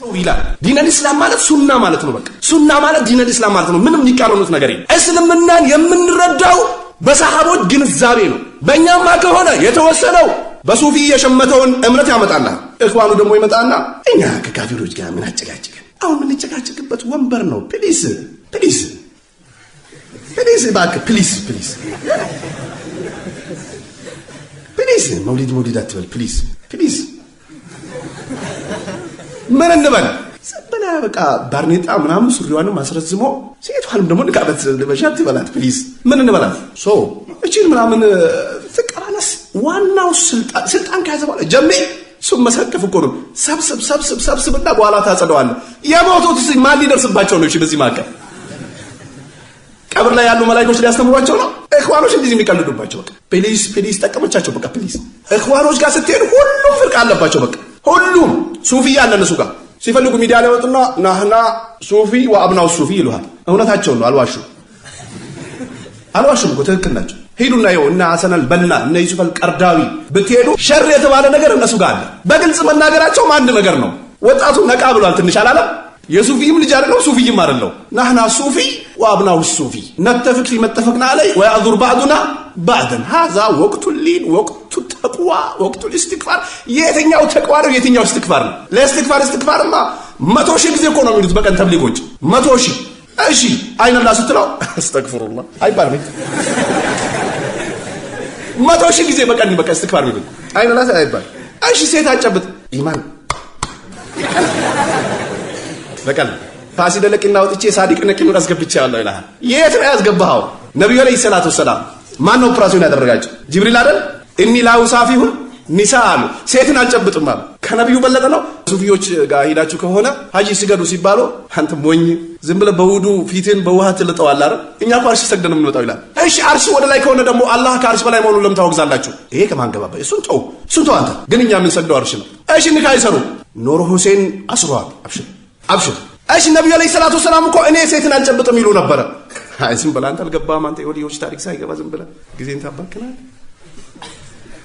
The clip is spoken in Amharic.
ሰው ይላል ዲነል ኢስላም ማለት ሱና ማለት ነው። በቃ ሱና ማለት ዲነል ኢስላም ማለት ነው። ምንም የሚቃረኑት ነገር የለም። እስልምናን የምንረዳው በሰሃቦች ግንዛቤ ነው። በእኛማ ከሆነ የተወሰነው በሱፊ የሸመተውን እምነት ያመጣና እኽዋኑ ደግሞ ይመጣና እኛ ከካፊሮች ጋር ምን አጨጋጭገን አሁን የምንጨጋጭግበት ወንበር ነው። ፕሊስ ፕሊስ ፕሊስ እባክህ ፕሊስ ፕሊስ ፕሊስ መውሊድ መውሊድ አትበል ፕሊስ ፕሊስ ምን እንበል ብላ በቃ ባርኔጣ ምናምን ሱሪዋንም አስረዝሞ ሴቷንም ደግሞ ንቃበት ልበሻት ይበላት። ፕሊዝ ምን እንበላት ሶ እችን ምናምን ትቀራለስ። ዋናው ስልጣን ከያዘ በኋላ ጀሜ እሱም መሰከፍ እኮ ነው። ሰብስብ ሰብስብ ሰብስብ እና በኋላ ታጸደዋለህ። የሞቱት ማን ሊደርስባቸው ነው? በዚህ ማቀል ቀብር ላይ ያሉ መላይኮች ሊያስተምሯቸው ነው። እህዋኖች እንደዚህ የሚቀልዱባቸው በቃ ፕሊዝ ፕሊዝ ጠቀመቻቸው። በቃ ፕሊዝ እህዋኖች ጋር ስትሄድ ሁሉም ፍርቅ አለባቸው። በቃ ሁሉም ሱፊያ እነሱ ጋር ሲፈልጉ ሚዲያ ላይ ወጡና ናህና ሱፊ ወአብናው ሱፊ ይሉሃል። እውነታቸውን ነው። አልዋሹ አልዋሹም እኮ ትክክል ናቸው። ሂዱና ይኸው እና ሐሰነል በና እነ ዩሱፍ አልቀርዳዊ ብትሄዱ ሸር የተባለ ነገር እነሱ ጋር አለ። በግልጽ መናገራቸውም አንድ ነገር ነው። ወጣቱ ነቃ ብሏል ትንሽ አላለም። የሱፊም ልጅ አይደለው ሱፊይም አይደለው። ናህና ሱፊ ወአብናው ሱፊ ነተፍቅ ፊ መተፈቅና አለይ ወያዙር ባዕዱና ባዕደን ሀዛ ወቅቱ ሊን ወቅቱ ተቅዋ ወቅቱል እስትክፋር የትኛው ተቅዋ ነው? የትኛው እስትክፋር ነው? ለእስትክፋር እስትክፋርማ መቶ ሺህ ጊዜ እኮ ነው የሚሉት በቀን ተብሊጎች መቶ ሺህ። እሺ አይነላ ስትለው አስተግፍሩላ አይባልም። መቶ ሺህ ጊዜ በቀን በቀን እስትክፋር የሚሉት አይነላ አይባል። እሺ ሴት አጨብጥ ኢማን በቀን ፋሲለለቅና ወጥቼ ሳዲቅ ነቂኑን አስገብቼ ያለው ይላል። የት ነው ያስገባኸው? ነብዩ አለይሂ ሰላቱ ወሰላም ማን ነው ኦፕራሲዮን ያደረጋቸው? ጅብሪል አይደል? እኒ ላውሳፍ ሁን ኒሳ አሉ ሴትን አልጨብጥም አሉ። ከነቢዩ በለጠ ነው። ሱፊዎች ጋር ሄዳችሁ ከሆነ ሀጂ ሲገዱ ሲባሉ አንተ ሞኝ ዝም ብለ በውዱ ፊትን በውሃ ትልጠዋል አረ እኛ እኮ አርሽ ሰግደን ነው የምንወጣው ይላል። እሺ አርሽ ወደ ላይ ከሆነ ደግሞ አላህ ከአርሽ በላይ መሆኑ ለምን ታወግዛላችሁ? ይሄ ከማንገባበ እሱን ተው፣ እሱን ተው አንተ። ግን እኛ የምንሰግደው አርሽ ነው። እሺ ንካ አይሰሩ ኖር ሁሴን አስሯዋል አብሽር አብሽር። እሺ ነቢዩ አለ ሰላት ወሰላም እኮ እኔ ሴትን አልጨብጥም ይሉ ነበረ። ዝም ብለህ አንተ አልገባም አንተ የወዲዎች ታሪክ ሳይገባ ዝም ብለህ ጊዜን ታባክናል